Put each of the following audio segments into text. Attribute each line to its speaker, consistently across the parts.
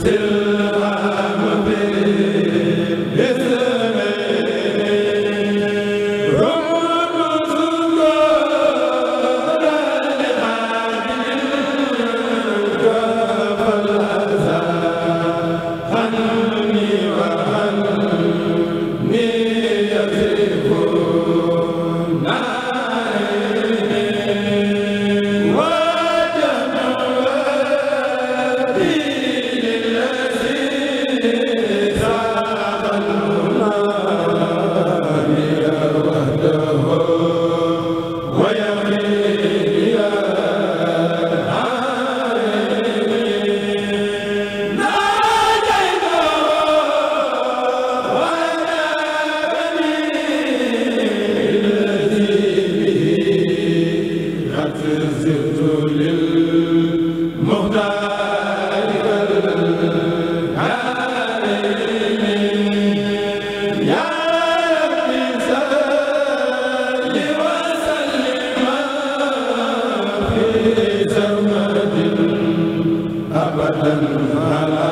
Speaker 1: sëñ la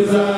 Speaker 1: إذا